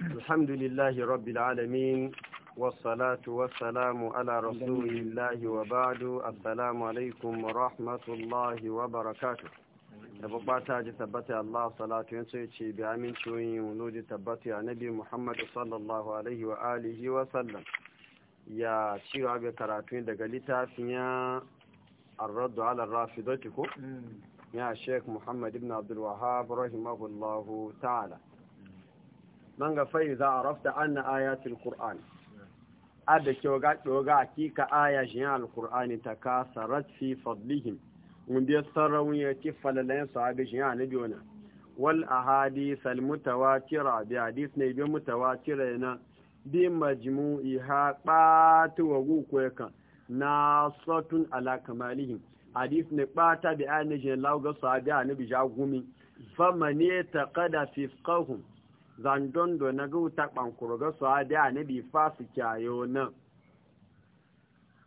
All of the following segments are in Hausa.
الحمد لله رب العالمين والصلاة والسلام على رسول الله وبعد السلام عليكم ورحمة الله وبركاته tabbata ji tabbata Allah salatu yanzu ya ce bi amincin wunudi tabbata ya nabi Muhammad sallallahu alaihi wa wa sallam ya cewa ga karatu daga littafin ya arraddu ala ko hmm. ya Sheikh Muhammad ibn Abdul ta'ala man ga fa'i za a rafta an na ayatul Qur'an. A da kyau ga ɗoga a kika aya shi yin alƙur'ani ta kasa ratfi fadlihim, wanda sarraun ya ci falalayen sahabi shi yin anabi wani. Wal a hadis almutawatira bi hadis ne bi mutawatira yana bi majmu'i ha ɓata wa guku yakan na sotun ala kamalihim. Hadis ne ɓata da ainihin lauga sahabi anabi jagumi. Fama ne ta kada fifkahun zandon da na gauta kwankurga su hadi a nabi fasu kyayo nan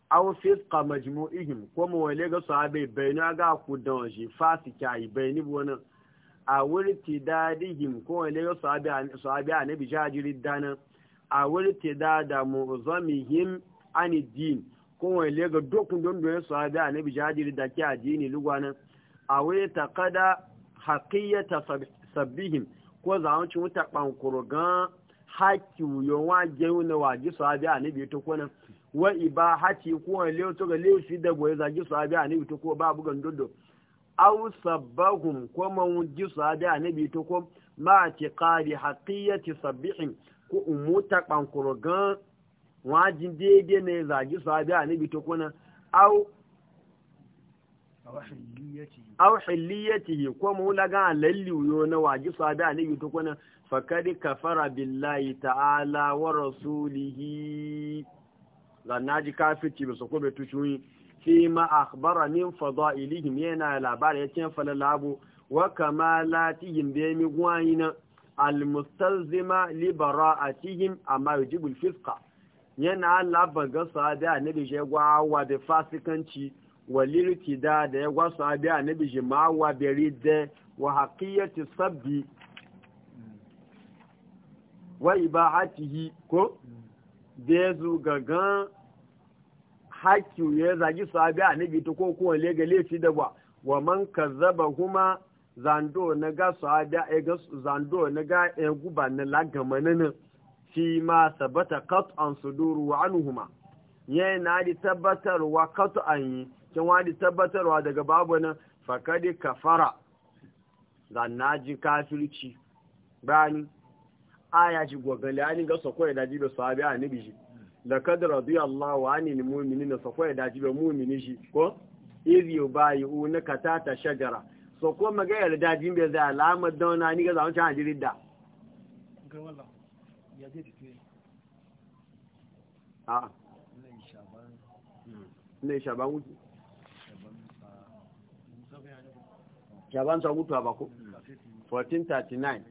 aw fisqa majmu'ihim ko mu wale ga sahabe bayna ga ku don shi fasika yi bayni nan a wurti dadihim ko wale ga sahabe sahabe nabi jajiri dana a wurti dada mu'zamihim ani din ko wale ga dokun don don sahabe nabi jajiri da ke ajini lugwana a wurta qada haqiyata sabbihim ko wancan wuta ɓankuru gan haki wuyon wa jewu na waji sahabi a nabi ta kone wa iba haki ko wani lewu to ga lewu shi da goyi zagi sahabi a nabi ta ko ba bugan dodo aw sabbahum ko man ji sahabi a nabi ta ko ma ti qali haqiyati sabbihin ko umuta ɓankuru gan wajin daidai ne zagi sahabi a nabi ta kone aw aw hilliyatihi ko mu laga lalli yo na waji sabi alayhi to kona fakari kafara billahi ta'ala wa rasulihi lanaji kafiti bi so ko be fi ma akhbara min fadailihim yana labari ya cin falalabu wa kamalatihim bi mi gwayina almustalzima li bara'atihim amma yujibu alfisqa yana labar ga sabi annabi shegwa wa da fasikanci walirki da da ya wasu abi a nabi jimawa bari da wa haƙiyyati sabbi wa ibahatihi ko da ya zo gangan haƙi ya zagi su abi a nabi ta ko kowane lega laifi da ba wa man kazzaba huma zando na ga su abi a ga zando na ga ya guba na lagamananin fi ma sabata kat an suduru wa anuhuma yana da tabbatarwa kat an yi kin wani tabbatarwa daga babu nan fakadi kafara zanna ji kafirci bani aya ji gogali ani ga sako ya daji be sahabi annabi shi da a radiyallahu ni mu'mini na sakwai da jibe mu'mini shi ko izi yubayu na katata shajara ko. maga ya daji be za alama dauna ni ga zamu ci hajiri da ga wallahi a je dike a ne shaban ne shaban wuce shaban sa gutu abako 1439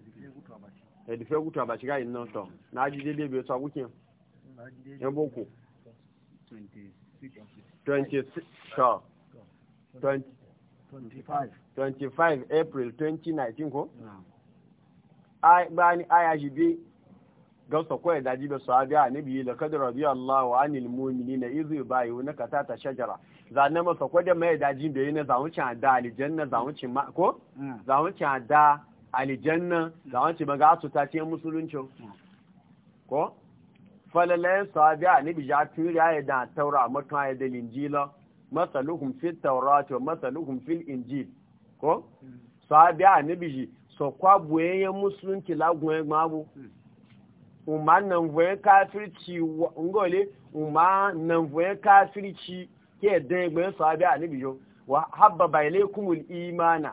edife gutu abashi ga inna to na aji dele 25 april 2019 ko ai bani aya gausa da daji su abi a nabi da kadar radiyallahu anil na izu bayi wani kata ta shajara zanne masa kwade mai daji yi na zawucin da aljanna zawucin ma ko hmm. zawucin da aljanna zawucin ga su ta ce musulunci ko falalayen abi a nabi ja turiya ya da taura mutum ya da linjila masaluhum fil tawrat wa masaluhum fil injil ko hmm. abi a nabi so kwabwe musulunci lagun mabu umma nan voye kafirci ngole umma nan voye kafirci ke dan gbe sahabi anabi yo wa habbaba ilaykumul imana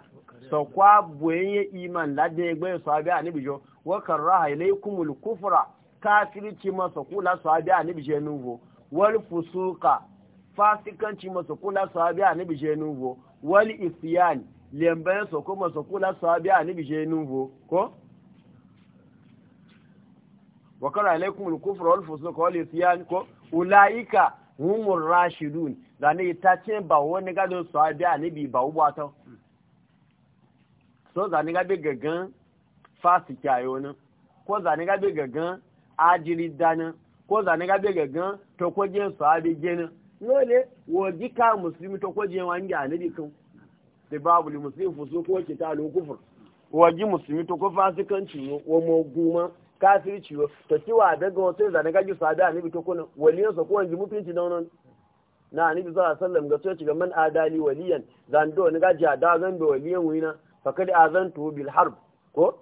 so kwa boye iman la dan gbe sahabi anabi yo wa karaha ilaykumul kufra kafirci masa kula sahabi anabi je nuvo wal fusuqa fasikanci masa kula sahabi anabi je nuvo wal isyan lembe so kuma masa kula sahabi anabi je nuvo ko wa kara alaikum al-kufr wal fusuq wal isyan ko ulaika humur rashidun zane ta ce ba wani su gado sahabi annabi ba uwa ta so zane ga be gangan fasiki ayo nan ko zane ga be gangan ajiri dana ko zane ga be gangan to ko je sahabi gena lole wo dika muslimi to ko je wangi annabi kan da babu li muslim fusuq wa kitalu kufr wa ji muslimi to ko fasikanci wo mo guma kafirci yo to kiwa daga wato zane naga ji sabi annabi to kun waliyan sa ko mu mutunci da wannan na bi sallallahu alaihi wasallam ga to ci ga man adali waliyan zan do ni ga ji ada zan do waliyan wina fakad azantu bil harb ko bi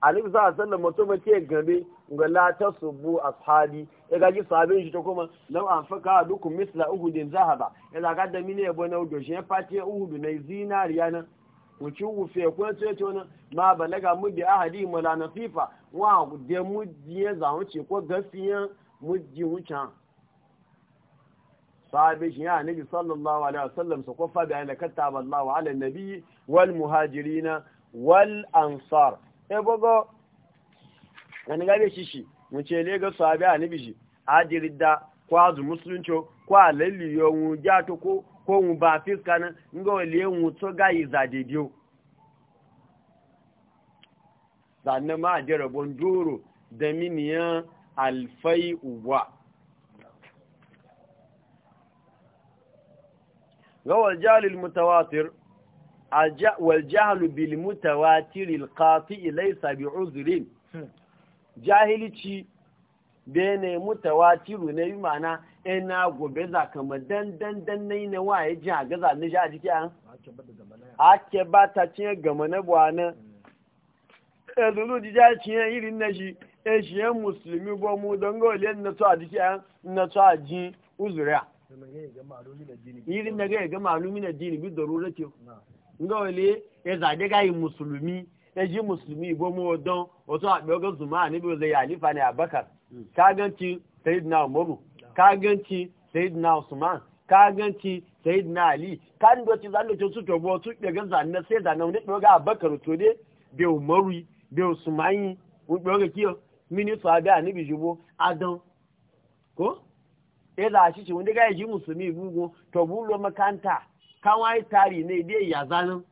sallallahu alaihi wasallam mutum ce gabe ga la tasubu ashabi ya ga ji sabin shi to kuma lam an faka dukum misla uhudin zahaba ya gadda da mine yabo na udo shi ya fati uhudu na zinariya nan wuce wufe kuma ce ce wani ma balaga bi ahadi mala nasifa wa de mudi ya zamu ce ko mu ji wucan sahabe shi ya nabi sallallahu alaihi wasallam su kofa da ina kataba Allah ala nabi wal muhajirina wal ansar e gogo an ga shi shi mu ce le ga sahabe a nabi shi adirida ko azu musulunci ko lalliyo mu ja to ko ko mu ba fiska nan nga wale mu to ga yi sannan ma da rabon doro da miniyan alfai uwa ga waljalil mutawatir waljahlu bil mutawatir alqati laysa bi uzrin hmm. jahilici bene mutawatiru ne yi ma'ana ina gobe za kama dan dan dan na yi na waye ji a gaza na ji a jiki an ake ba ta cinye gama na buwa na ezulu ji ja cinye irin na shi e shi yan musulmi bo mu don ga wale na to a jiki an na to a ji uzuriya irin na ga ya gama alumi na dini bi darura ce nga wale ya e zage ga yi musulmi ya e ji musulmi bo mu don wato a ɓogar zuma a ni bi zai yalifa ne a bakar mm. kaganci sayid na umaru kaganci sayyidina usman kaganci sayyidina ali kan doci zan su to bo su de gan zan na sai zan na ne ga abakar to de be umaru be usman u do ga kiyo mini so abi anibi jubo adan ko e da shi wanda ga yi musulmi bugo to bulo makanta kan wai tari ne de ya zanin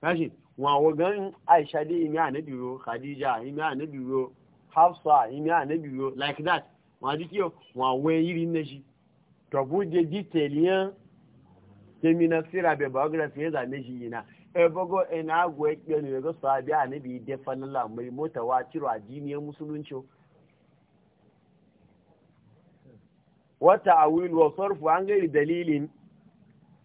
kashi wa wagan aisha dai imi anabi yo khadija imi anabi yo hafsa imi anabi yo like that wọn àti kí wọn àwọn eré ní ṣi tọ̀bù de dítẹ̀lì yẹn tẹ̀mínà síra bẹ̀ biography yẹn zà ní ṣi yìí náà ẹ bọ́gọ́ ẹ̀ náà àgọ́ ẹ̀ pẹ́ nìyẹn gọ́sọ̀ àbí ànábì dẹ́fà nílà mọ́ mọ́tà wa tìrọ̀ àdínì ẹ̀ mùsùlùmí wata awilu wa sarfu an gairi dalilin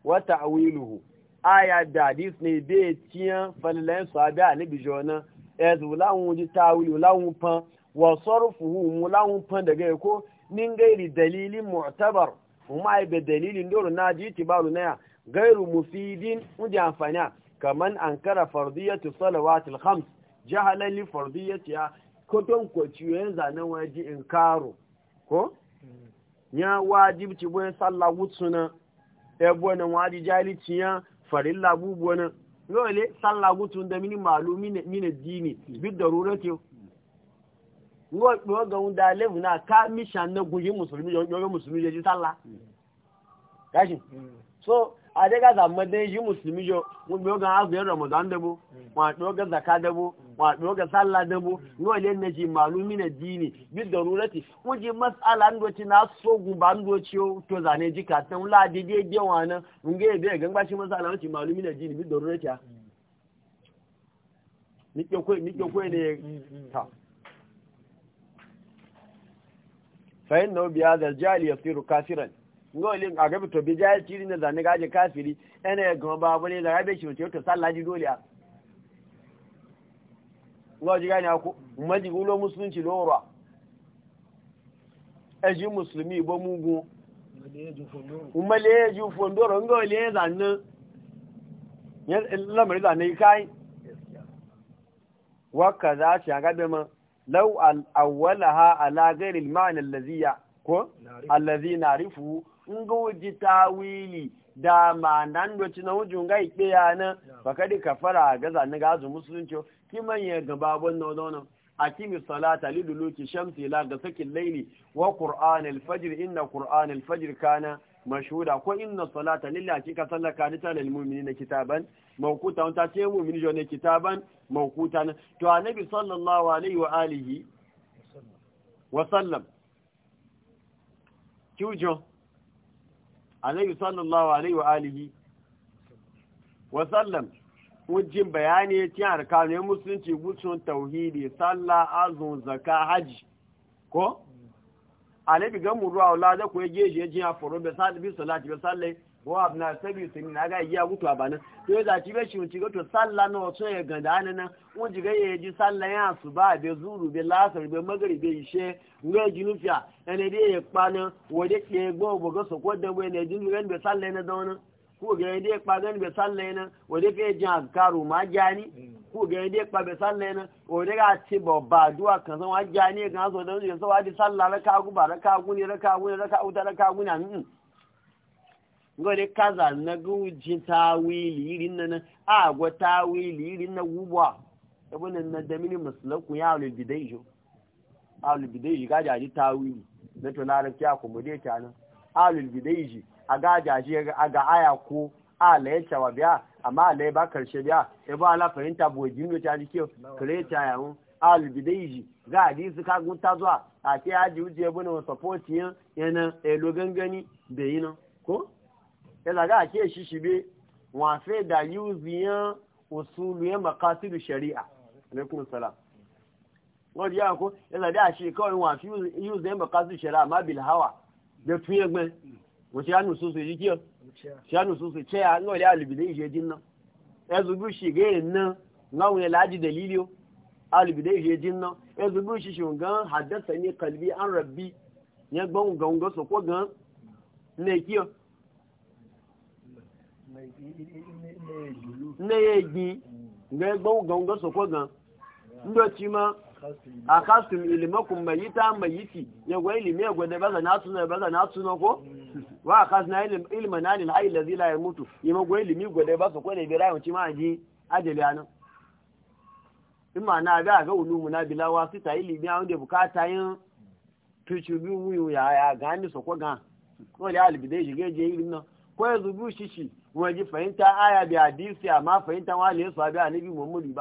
wata awiluhu aya da hadis ne bai tiyan falilan sahabi a nabi jona ya e ta wa sarfuhu mulahu fan daga ko min gairi dalilin mu'tabar kuma ai be dalilin dole na ji tibaru na gairu mufidin uji amfani kaman ankara fardiyatu salawatil khams jahalan li fardiyatiha ko don ko ciyen zanen waji inkaro ko ya ci boye sallah wutsuna e bona waji jaliciya farilla bubona dole sallah wutsun da mini malumi ne dini bi darurati wọ́n pè wọ́n gan da lẹ́wù náà ká mission náà gun yí mùsùlùmí yọrọ mùsùlùmí yẹjú sálá gáṣì so adégaza mọ́dé yí mùsùlùmí yọ wọ́n pè wọ́n gan ágbé ramadan dẹ́bó wọ́n pè wọ́n gan zaka dẹ́bó wọ́n pè wọ́n gan sálá dẹ́bó wọ́n lé nẹ́jì màálù mínà díìnì bí dọ̀rù rẹ́tì wọ́n jí masala ńdọ̀tí náà sógun bá ńdọ̀tí ó tó fa'in na obi adal jali ya firu kafiran ngo ile a gabi to bi jali tiri na zane gaje kafiri ene ya gama ba wani da rabe shi mace to sallah ji dole a ngo ji gani ako maji gulo musulunci lorwa eji musulmi bo mugu umale ya ji fondoro ngo ile ya zane ya lamari zane kai wakka za a ci ma law al awwalaha ala ghairi al ma'na allazi ko allazi na'rifu in ga wuji tawili da ma nan do tina wujun ga ipe yana fakadi kafara ga zan ga azu musulunci kiman ya gaba wannan nono akimi salata liduluki shamsi la ga sakin laili wa qur'an al inna qur'an al fajr kana mashuda ko inna salata lillahi ka sallaka ni ta lil mu'minina kitaban mawquta ta ce mu'mini jone kitaban mawquta to annabi sallallahu alaihi wa alihi wa sallam kiujo annabi sallallahu alaihi wa alihi wa sallam wajin bayani ya ci arkanin musulunci gutsun tauhidi sallah azun zakah haji ko anabi gan mu a wala da ko yaje je jin aforo be sal bi salati be salle wa abna sabi sun na ga iya gutu abana to ya zati be shi unci goto salla no so ya ganda anana unji ga ya ji salla ya asuba be zuru be lasar be magari be ishe nga jinufiya ene de ya kpana wode ke gbo bo go so ko da we ne jinu ren be salle na dona ko ga yadda ya gani bai salle na wadda ka yi jin agkaru ma jani ko ga yadda ya bai salle na wadda ka ce ba ba duwa kan san wa jani kan so da wani sau wadi salla raka gu ba raka gu ne raka gu ne raka uta raka gu na nun gole kaza na guji tawili irin na na agwa tawili irin na gubwa yabo e nan na damini musulaku ya a bidai jo alu bidai ji gaji na tawili na to larabci akomodeta nan alu bidai ji a ga jaje a ga aya ko a laye cewa biya amma a laye ba karshe biya ya ba ala fahimta bojin da ta ji kyau kireta yawon albidaiji ga su ka gunta zuwa a ce ya ji wuce bane wa sapoti yan yana elo gangani da yi nan ko yana ga ke shi shibe wafe da yuzi yan usulu yan makasidu shari'a alaikum salam wọ́n di yàkó yana da shi kawai wafe yuzi yan makasidu shari'a ma bil hawa da tun yagbe wace ya nusu su yi kiyo ya nusu su ce ya ngole alibidai je jin nan ya shi ga yin nan ngawun ya laji dalilio alibidai je jin nan ya gan haddasa ne kalbi an rabbi ya gbanwu ga gan ne kiyo ne ya gi ga gbanwu ga gan ndo akastum ilmakum mayita mayiti yagwa ilimi yagwa da baza na suna baza na suna ko wa akasna ilman nan al hayy alladhi la yamutu yima gwa ilimi gwa da baza ko ne bi rayu ma ji ajali anan imma na ga ga ulumu na bila wasita ilimi an da bukata yin tuchu bi wuyu ya ya gani so ko ga ko da albidai jige je ilimi na ko ya zubu shishi waje fahimta aya bi hadisi amma fahimta wale su abi annabi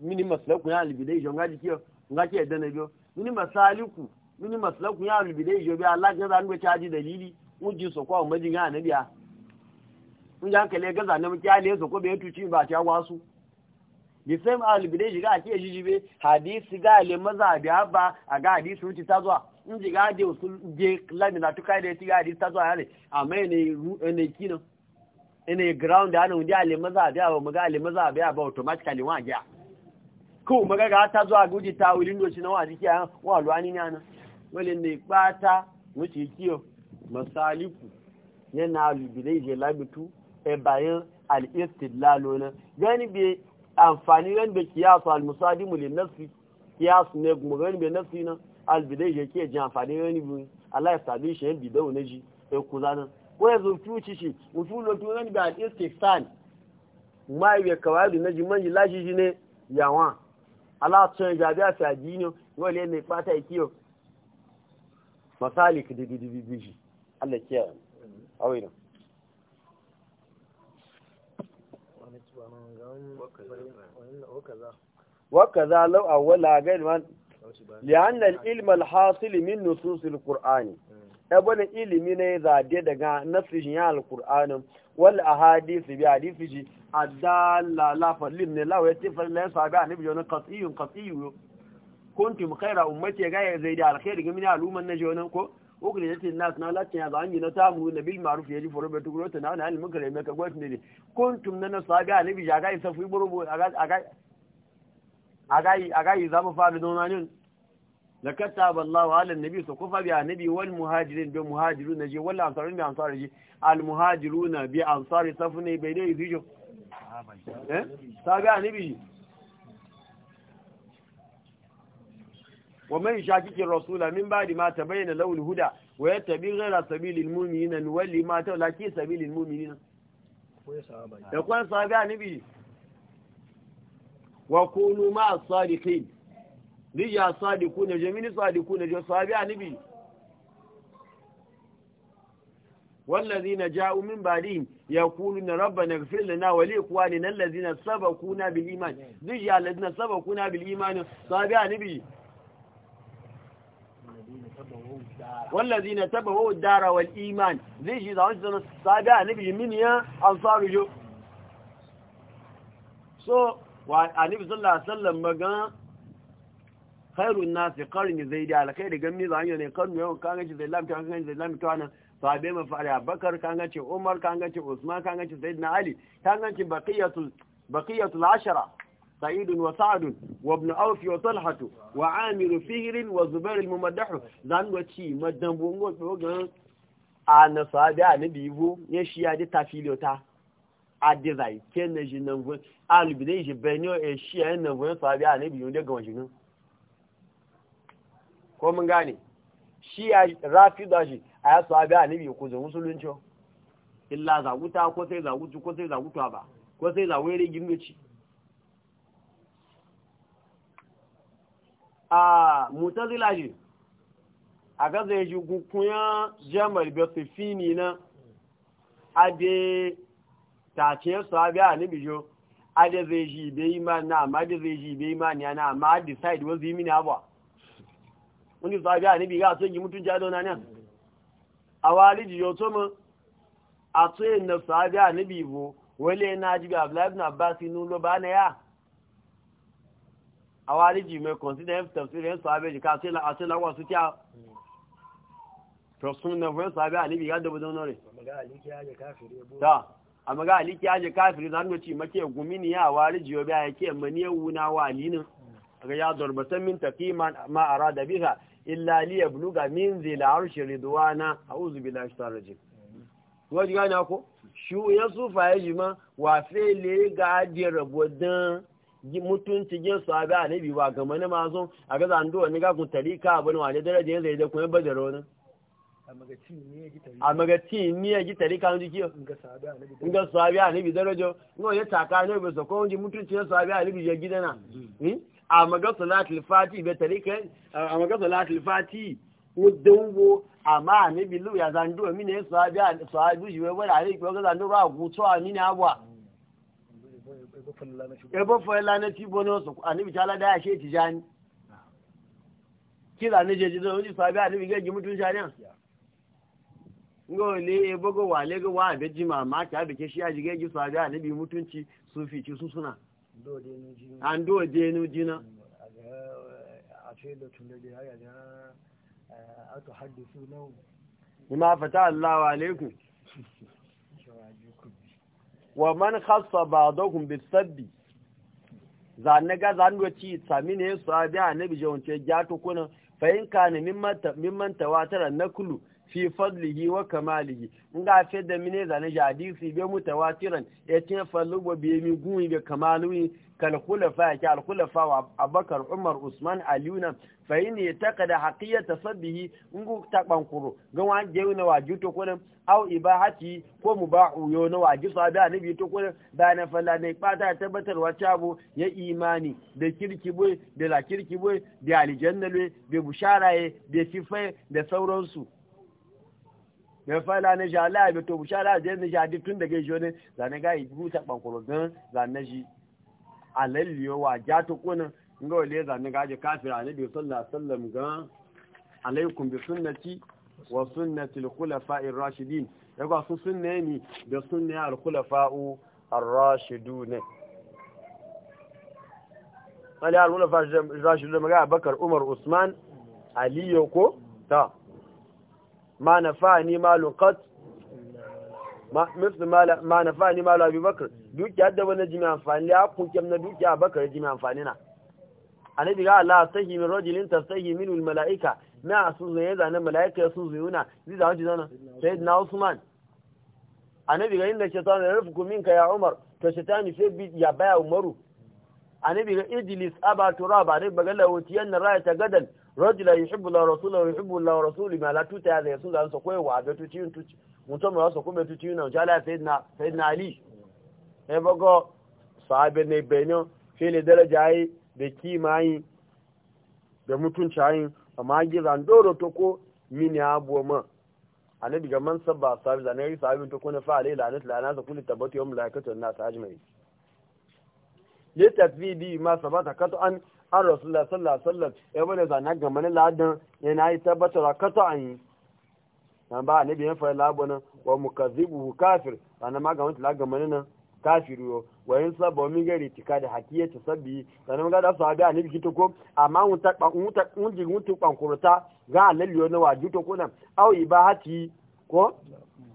mini maslaku ya albidai jo ngaji kiyo ngaji edana jo mini masaliku mini maslaku ya albidai jo bi Allah ga zan gwaci aji dalili uji so kwa maji ga na biya kun ja kale ga zan mu kyale so ko be tuci ba ta wasu the same albidai ga ake jijibe hadisi ga le maza biya ba a ga hadisi wuce ta zuwa in ji ga de usul je lamina tukai da ti ga hadisi ta zuwa yare amma ne ne kina ina ground da nan da a da ba za a da ba automatically wa ga ko mu ga ta zuwa guji ta wurin doci na wa jiki a wa luwani ne nan wale ne kpata wuce kiyo masaliku yana lubilai je labitu e bayan al lalona gani be amfani ran be kiyasu al musadi mu nafsi kiyasu ne mu gani be nafsi na albidai bidai je ke ji amfani ran bi Allah ya sabi shi yan bidau na ji e kuzana ko ya zuntu shi shi lotu tunan da al-istifsan ma ya kawai na jiman lashi shi ne yawa Allah tun ya ga ta dino wale ne fata kiyo masalik di di di di shi Allah kiyaye awai nan وكذا لو أول غير من لأن العلم الحاصل من نصوص القرآن ebonin ilimi ne zade daga nasijin ya alkur'anin a ahadisi bi hadisi ji a dala lafalin ne lawa fari na la sabi an bi jonan qatiyun qatiyu kuntum khaira ummati ga ya da alkhairi ga min aluman na jonan ko ukuri ya ce na lati ya zangi na tamu na bil ma'ruf yaji foro bai tukuro ta na almu kare me ka gwat ne kuntum na sabi an bi jaga isa fi buru aga aga zama fa nuna donanin لكتاب الله على النبي سقف بالنبي والمهاجرين بمهاجرون نجي أنصارين بانصار نجي المهاجرون بانصار صفني بيدي يجو ها آه، إيه؟ تابع النبي ومن شاكك الرسول من بعد ما تبين له الهدى ويتبع غير سبيل المؤمنين نولي ما تولى كي سبيل المؤمنين يقول صحابة النبي وكونوا مع الصالحين ní ya sáàdìkú ní ọjọ́ mini sáàdìkú ní ọjọ́ sáàbí àníbì wọ́n lẹ́zí na já omi bá rí ya kúrú na rọ́bà na fi lè náà wọlé kúwa ní nan lẹ́zí na sábà kú na bí imani ní ya lẹ́zí na sábà na bí imani sáàbí àníbì wọ́n lẹ́zí na tábà wọ́n dára wọl imani ní ṣe zàwọn ṣe sábà àníbì ya an sáàrù yóò so wa anibisallah sallam magana khairu nasi qarni zaidi alkhairi gamni zan yana karnu ne kan gaci zai lamta kan zai lamta wannan sahabe ma fara abakar kan umar kan gaci usman kan gaci zaidna ali kan gaci baqiyatul baqiyatul ashara سعيد وسعد وابن أوف وطلحة وعامر فهر وزبير الممدح ذان وشي مدن بونغو فوغان أنا صادع نبيبو يشي أدي تفيلو تا أدي زي كنجي نمو ألبدي جبنيو يشي نمو صادع نبيبو دي غنجي ko mun gane shi a rafi da shi a ya sahabi annabi ku zo musulunci illa zaguta ko sai zaguci ko sai zagutuwa ba ko sai zawere gindoci a mutazila shi a gaza ya ji gukunya jamal basifini na ade tace sahabi annabi jo ade zai shi bai imani na amma ade zai ji bai imani na amma decide wazi mini abuwa wọ́n ti sàájá níbi ìyá àtúnyí mú tún a náà àwọn alìjìyọ mu a na sàájá níbi ìbò wọlé náà jíbi àbúláìbìnà bá sí inú ló bá náà àwọn alìjìyọ mẹ́ kọ̀nsídẹ̀ tẹ̀sílẹ̀ sàábẹ̀jì ká àtúnyàwó sí a na fún e da níbi ìyá dọ́bọ̀dọ́ náà rẹ̀ àmàgá kafiri ajẹ́ káfìrí ci make gumi ni ya wari jiyo biya yake mani yau e na wali a ga ya dorbatan min tafi ma illa li yabluga min riduwana arshi ridwana a'udhu billahi shaitanir rajim waji gane ko shi ya sufa ya jima wa fele ga ajiyar rabodan mutunci jin ne annabi wa ga ma mazon a ga zando wani ga kun tarika wa wani daraja yanzu da kuma badar wani a magati ni ya ji tarika wani jikiyo inga ne annabi daraja ngo ya taka ne bai sako wani mutunci ya ne annabi ya gidana mm. hmm? a maga salatul fati be tarika a maga salatul fati udango amma ne bilu ya zando mi ne sahabi sahabi jiwe wala ne ko ga zando ba ku to amini abwa ebo fa la ne ti bono so anibi tala da ya she tijani kila ne jeje do ji sahabi anibi ga ji mutun shari'a ngole ebo go wale go wa be ji ma ta be ke shi aji ga ji sahabi anibi mutunci sufi ci su suna an do je nu jina eh, eh, ma fata Allah wa wa man khasa ba dokun bi sabbi za ne ga za ndo ci sami ne su abi annabi je wonce ja to kuna fa in ka ne mimman mimman tawatar naklu fi fadlihi wa kamalihi nga fe da mine zane jadisi be mutawatiran ya e ce fallu bo be mi gumi be kamalui kal khulafa ya kal khulafa wa abakar umar usman aliuna fa in yataqada haqiyata sabbihi ngu ta bankuro ga wa jeuna wa juto ko nan aw ibahati ko mubahu yo na wa jisa da nabi to ko da na falla ne pata tabbatar wa tabu ya imani da kirki boy da la kirki boy da aljanna be ye da sifai da sauransu me fala na sha la be to bu shara je da ke ditun daga za ne ga yi buta dan gan ne ji alalliyo wa ja to kuna le za ne ga je kafira ne bi sallallahu alaihi wasallam gan alaikum bi sunnati wa sunnati al-khulafa'i ar-rashidin ga su sunne ni da sunne al-khulafa'u ar-rashidun Ali al-Khulafa ar-Rashidun maga Bakar Umar Usman Ali ko ta ma nafa'ani malun qat ma mithlu ma nafa'ani malu abi bakr dukiya da wani jimi amfani ya kunkem na dukiya bakar jimi amfani na annabi ga Allah sahi min rajulin tasahi min al malaika na su zai zane malaika su zuyuna zai zama ji zana sayyidina Usman annabi ga inda shaitan yarfuku minka ya Umar to shaitani sai bi ya baya Umaru annabi ga idlis aba turaba ne bagala wutiyan ta gadan rọ́jùlọ ìṣíbùlọ rọ̀súlọ ìṣíbùlọ rọ̀súlù ìmọ̀ alátútẹ́ àti ẹ̀sùn lọ sọ̀kọ́ ìwà àbẹ́ tó tíyún tó mùtọ́mọ̀ ọ̀sọ̀kọ́ mẹ́tú tíyún náà jálá fẹ́dínà alì ẹbọ́gọ́ sàábẹ̀ ní ibẹ̀ ní fílẹ̀ dẹ́rẹ́jà ayé da kima yi da mutunci yi amma gizan doro ta ko mini abuwa ma a na diga man sabba sabi zanen yi sabi ta kone fa alai lanat lana ta kuli tabbata yawon mulakatun na ta ajmai littafi bi ma sabata har rasulullah sallallahu alaihi wasallam ya bane zana ga mani ladan yana yi tabbatar kata an yi nan ba annabi ya fara labana wa mukazzibuhu kafir ana ma ga mutla ga mani nan kafiru yo wa yin sabba min gari tika da hakiyya ta sabbi sanan ga da sahabi annabi kito ko amma mun ta mun ta mun ji mun tukwan kurta ga annabi yo na waju ko nan au ibahati ko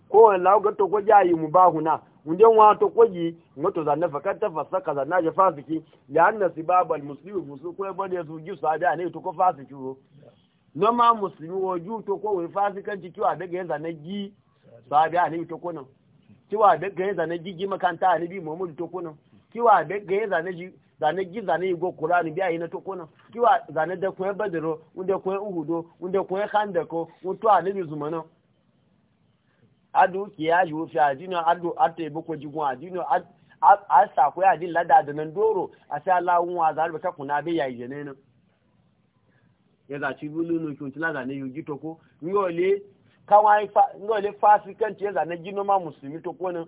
ko lawo ga to ko jayi mubahuna wunde wa to kwaji moto za na fakata fasaka za na je fasiki ya anna sibab al muslimu musu ko ba ne su ji su ada ne to ko fasiki ro no ma muslimi wo ju to ko we fasikan ji kiwa daga yanzu na ji su ada ne to ko nan kiwa daga yanzu na ji ji makanta ne bi muhammadu to ko nan kiwa daga yanzu na ji zane gi zane igo kurani biya yi na to kona kiwa zane da ko badiro unde ko uhudo unde ko handako unto anabi zumana adu yi wufi adinu adu ate boko jigun adinu a sako ya adin lada da nan doro a sai alawun wa zarbe ka kuna bai yayi jene nan ya za ci bulu no kun lada ne yi to mm. ko ngole kawai fa ngole fasikan ce za na gino ma musulmi to ko nan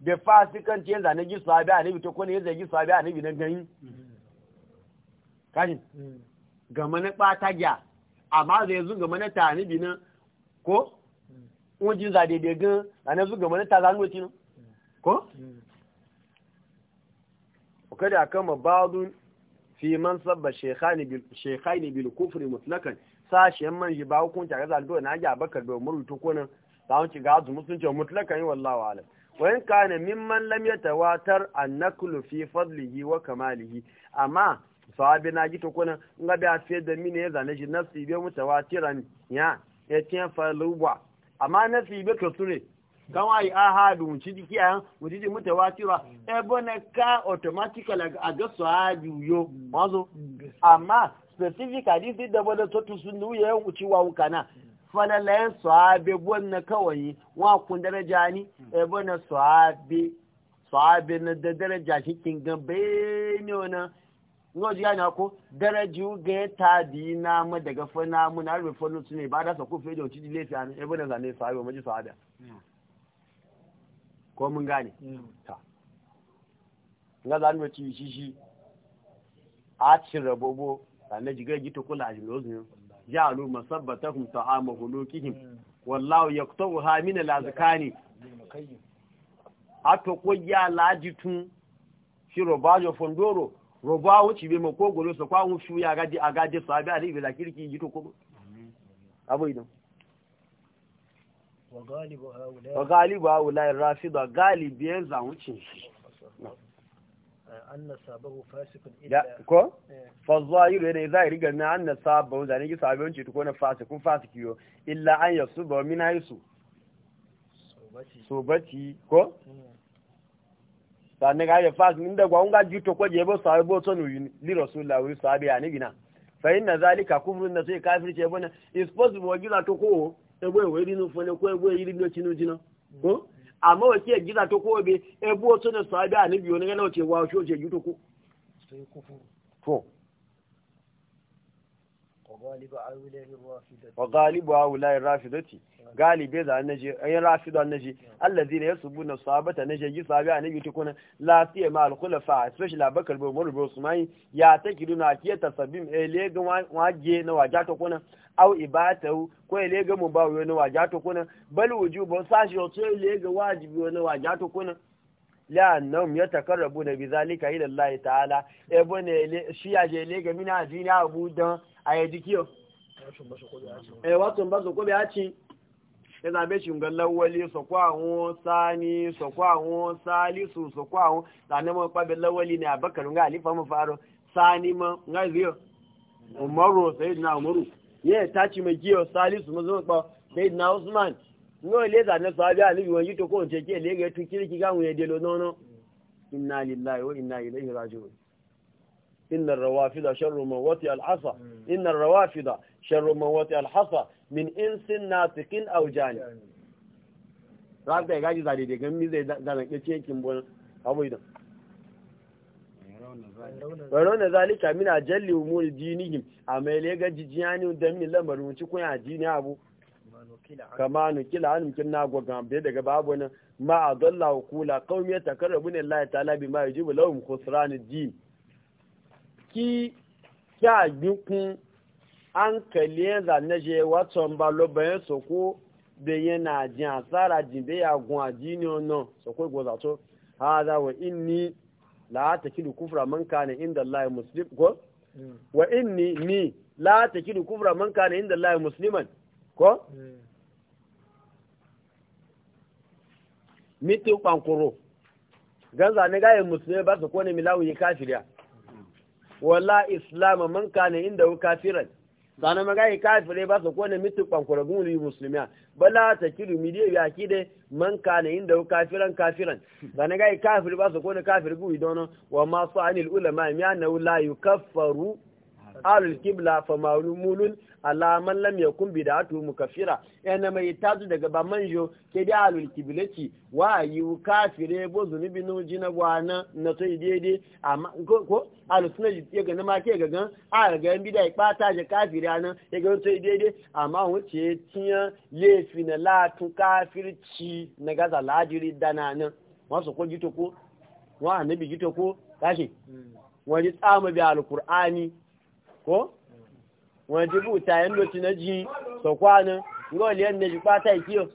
da fasikan ce za na a sahabi anabi to ko ne zai gisu abi anabi nan gani kaji gama na bata gya amma zai gama na ta anabi nan ko wọ́n jí zà dédé gan àná fún gàmọ́ níta lánàá tí kọ́ ọ̀kẹ́dẹ̀ àkàmọ̀ fi man sabba shekhani bil kufri mutlakan sashen man ji ba hukunci a gaza do na ji abakar da umaru tukunan sawun ci ga azu mutunci mutlakan yi wallawa alam wayan kana mimman lam yatawatar an fi fadlihi wa kamalihi amma na ji a fiye da mini ya zane shi nafsi ya ya tiyan amma nasi be ka sure kan yi ahadu mun ciji kiyan mun ciji mutawatira e bona ka automatically a ga sahabi yo mazo amma specific hadisi da bada sotu sunu ya yanku ciwa wukana falalayen sahabi bonna kawai wa kun daraja ni e bona sahabi sahabi na da daraja shi kin ga wannan ngo ji yana ko daraju ga ta bi na mu daga fa na mu na rufe fonu su ne ba da sa ko fejo ci dile ta e ne e da zane sahabi mu ji sahada ko mun gane hmm. ta nga zan mu ci shi shi a ci rabobo sanne ji ga ji to kula ji lozu ja'alu masabbatahum ta'ama hulukihim hmm. wallahu yaqtawha min al-azkani ato ko ya lajitun shiro bajo fondoro robo a wuce bai mako golo su kwawun shuya a gaje su abi a ribe da kirki yi to kuma abu idan wa galibu a wulayen rafi da galibi ya zawucin shi anna sabahu fasikun illa ko eh. fa zahiru ne zahiri ga na anna sabahu zane ki sabon ce ko na fasikun fasikiyo illa an ba yasuba min haisu sobati ko sannan ga ya fas min da gwaunga jito kwaje sa sahabi ba sonu li rasulullah wa sahabi ya nibina fa inna zalika kufrun na sai kafir ce bana is possible wa gila to ko egwe we rinu fole ko egwe yiri no chinu jina ko amma wa ke gila to ko be egwe sonu sahabi ya nibi na ce wa sho ce jito ko sai wa galibu awulai rafidati galibe da naje ayin rafidan naje allazina yasubuna sahabata naje yi sahabi yi tukuna la fiye ma al khulafa especially abakar bin umar bin usman ya takiduna akiyata sabim ele ga waje na waja to kuna aw ibatahu ko ele ga mu ba wani waja to kuna bal wujubu sashi to ele ga wajibi wani waja to kuna la'annahum yatakarrabuna bi zalika ila Allah ta'ala ebone shi ya je ele ga mina ajina abudan ayedikiyo eh watun ba so ko be achi yana be shi ga lawali so ko sani so ko salisu so ko Sani sanan mo be lawali ne abakar nga alifa mu faro sani ma, nga ziyo umaru sayyidina umaru ye tachi me giyo salisu mo zo pa sayyidina usman ngo le za ne so abi ani won to ko nje ke le ge tu kiriki ga won ye de lo nono inna lillahi wa inna ilaihi raji'un إن الروافد شر من وطئ الحصى إن الروافد شر من وطئ الحصى من إنس ناطق أو جانب رأيك يا جاجي زادي دي كم ميزة دانا كتشين كم بونا أبو يدن ويرون ذلك من أجل أمور دينهم أما إليك جياني ودمين لما رمتكوين عجيني أبو kama nukila an mutum na gwagan bai daga babu nan ma a zalla hukula kawai ya takarrabu ne Allah ya ta'ala bi ma yajibu ki kya gbikun an kalli je watan ba lobayin soko da yana jin asara jibe ya gun ajini ona soko igboza to da wa inni la ta kidu kufra man kana inda Allah muslim ko wa inni ni la ta kidu kufra man kana inda Allah musliman ko mitin kwankuro ganza ne ga yi musulmi ba su kone milawu yi kafiriya wala islam man kana inda kafiran sana magai kafire ba su kone mitu kwankura gumuri muslimiya bala ta kiru mi dai ya kide man kana inda kafiran kafiran sana gai kafire ba su kone ne kafir gumi dono wa ma sa anil ulama mi annahu la yukaffaru al kibla fa ma'lumulun alaman lam yakun bid'atu mukaffira yana mai tazu daga ba manjo ke da alul kibilati wa yi kafire bo zunubi no jina wana na to idede amma ko alul sunna ya ga ma ke ga gan a ga yan bid'a ipata je kafire ana ya ga to idede amma wuce tiya lefi na la kafirci na gaza lajiri dana nan wasu ko jito ko wa annabi jito ko tashi hmm. wani tsama bi alqur'ani ko wọ́n ti bú ta ẹ̀ńdò tí náà jí sọ̀kọ́ àná ìrọ̀lẹ́ ẹ̀ńdẹ̀ jù pátá ìkí ọ̀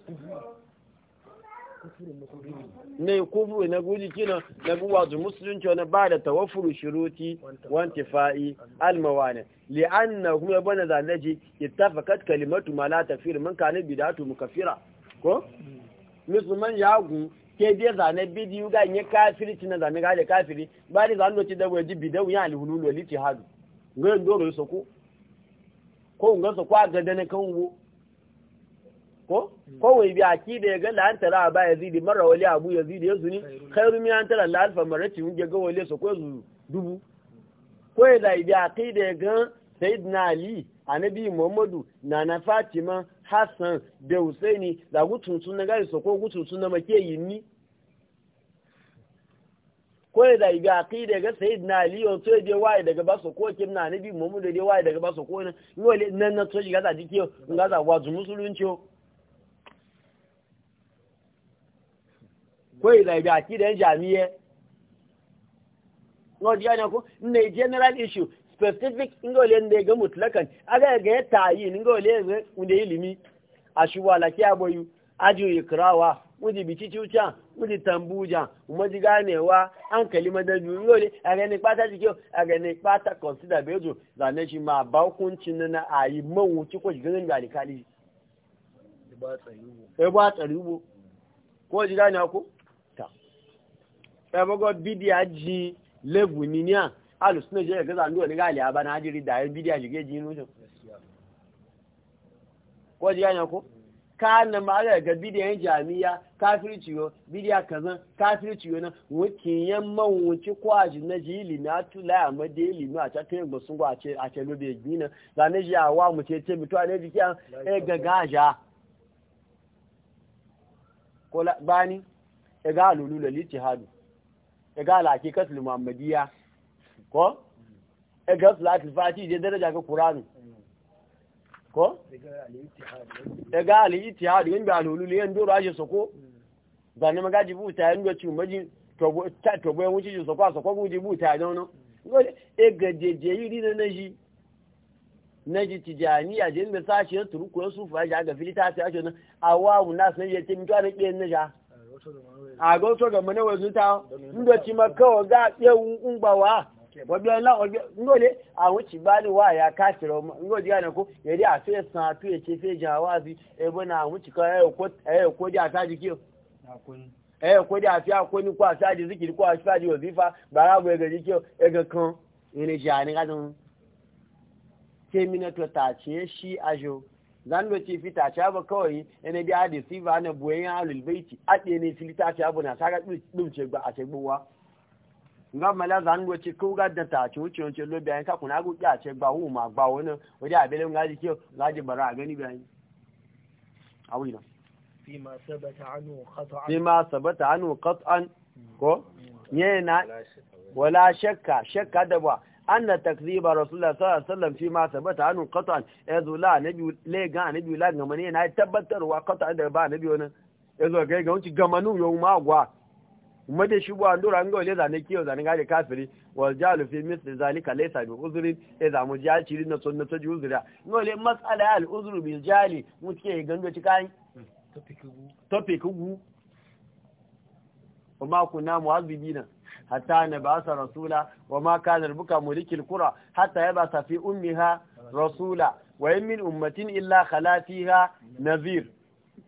na kufuru na guji kina na guwa zu musulunci wani ba da tawafuru shiruti wanti fa'i almawane li'anna kuma bane zanaji ittafakat kalimatu ma la tafir man kana bidatu mukafira ko ke zane bidiyu ga ne kafiri cin zane da kafiri ba da zanoci da waji bidawu ya alhulul ko nga su kwa na kanwo wo ko ko wai bi akida ga lan tara ba yazid mara wali abu yazid yanzu ni khairu min an tara la alfa marati mun ga wali su ko zu dubu ko ya da bi akida ga sayyidina ali annabi muhammadu na fatima hassan da husaini da gutun sun na gari su ko gutun sun na make yin ni ko da ibi aqida ga sayyidina ali o to je wai daga baso ko kin na nabi muhammad je wai daga baso ko ne ngole nan na to ga za dike ga za wazu musulunci ko da ibi aqida jami'e no ji ana ko ne general issue specific ngole ne ga mutlakan aga ga tayin ngole ne unde ilimi ashuwa lakiya boyu aju ikrawa wuji bici cuca wuji tambuja umaji wa an kalima da biyu ne a ni kpata jike a ni kpata consider bezo ne shi ma ba hukuncin na a yi man wuce ko shiga gani alikali kali sai ba tsari ubo ko ji ganewa ko ta sai bago a ji lebu ni ni a alusuna je ga zandu wani gali a bana hajiri da yin bidiya shige ji nujin ko ji ganewa ko kana ma ga ga bidiyan jami'a kafirci yo bidiya kazan kafirci yo na yan yamman wuci kwaji na jili na tu la ya madeli ma a ta yin sun gwa ce a ce lobe gina za ne ji awa mu ce ce mutu a ne jiki an e gagaja ko la bani e ga lulu lali jihadu e ga la ki kasul muhammadiya ko e ga salatul fati je daraja ga qur'ani ko? daga al'itihadi yin da alhulul yin doro ashe soko ba na magaji buta yin da cin maji tobo yin wuce soko a soko buji buta yin wani gole e gajeje yi rina na shi na ji tijani a jin da sashi ya turu kuwa su fa ga filita ta ashe na awa wuna sun yi temi tuwa na ƙiyan na sha a ga wato ga mana wasu ta inda ci makawa ga ƙiyan ungbawa wabi Allah a wuce bani wa ya kafiro ngole ya ko yari a sai san tu ya ce sai jawazi e bana wuce ka ayo ko ayo ko da ta jikiyo ayo ko da fi akoni ko asaji zikiri ko asaji wazifa barabu ga jikiyo e ga kan ene jani ga don temina to ta ce shi ajo zan do ce fita ba na buyen alul baiti a ne ta abu na nga mala zan go ci ku gadda da ta ci wuce wuce lo bayan ka kuna go ya ce ba wu ma ba wani wani abele nga ji ke nga ji bara a gani bayan awi na fima sabata anu qat'an fima sabata anu qat'an ko na wala shakka shakka da ba anna takziba rasulullah sallallahu alaihi wasallam fi ma sabata anu qat'an yazo la nabi le ga nabi la ga mane tabbatar wa qat'an da ba nabi wannan yazo ga ga wuce gamanu yau ma gwa made shi buwa ndura ngo le zane kiyo zane ngale kafiri wal jalu fi misli zalika laysa bi uzrin idza mujalci na sunna ta ji uzra ngo le mas'ala al uzru bil jali mutke gango ci kai topic gu kuma kuna mu'azzibina hatta na ba sa rasula wa ma kana rubuka mulikil qura hatta yabasa fi ummiha rasula wa min ummatin illa khala fiha nadhir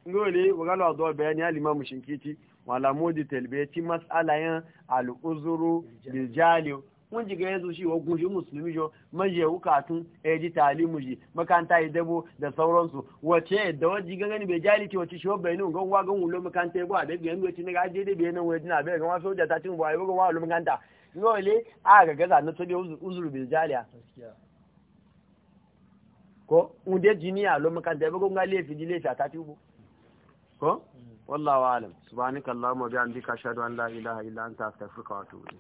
ngo le galo do bayani al imam shinkiti malamu di talbiyaci mas'alayen al'uzuru lijali mun jiga ya zo shi wa gushi musulmi jo maje wukatun ya eh, ji talimu ji makanta ya dabo da sauransu wace da wajen gangani bai jali ce wace shiwa bai nun gangwa gan wulo makanta ya bu a bai gani wace na gaje da biyan nan wajen na bai gama soja ta cin buwa ya gama wulo makanta le, a ga gaza na soja uzuru bai jaliya ko unde jiniya lo makanta ya bai gama lefi ji lefi a ta tubu ko mm. wallawa alam subhanakallahumma wa bihamdika ashhadu an la ilaha illa anta astaghfiruka wa atubu ilayk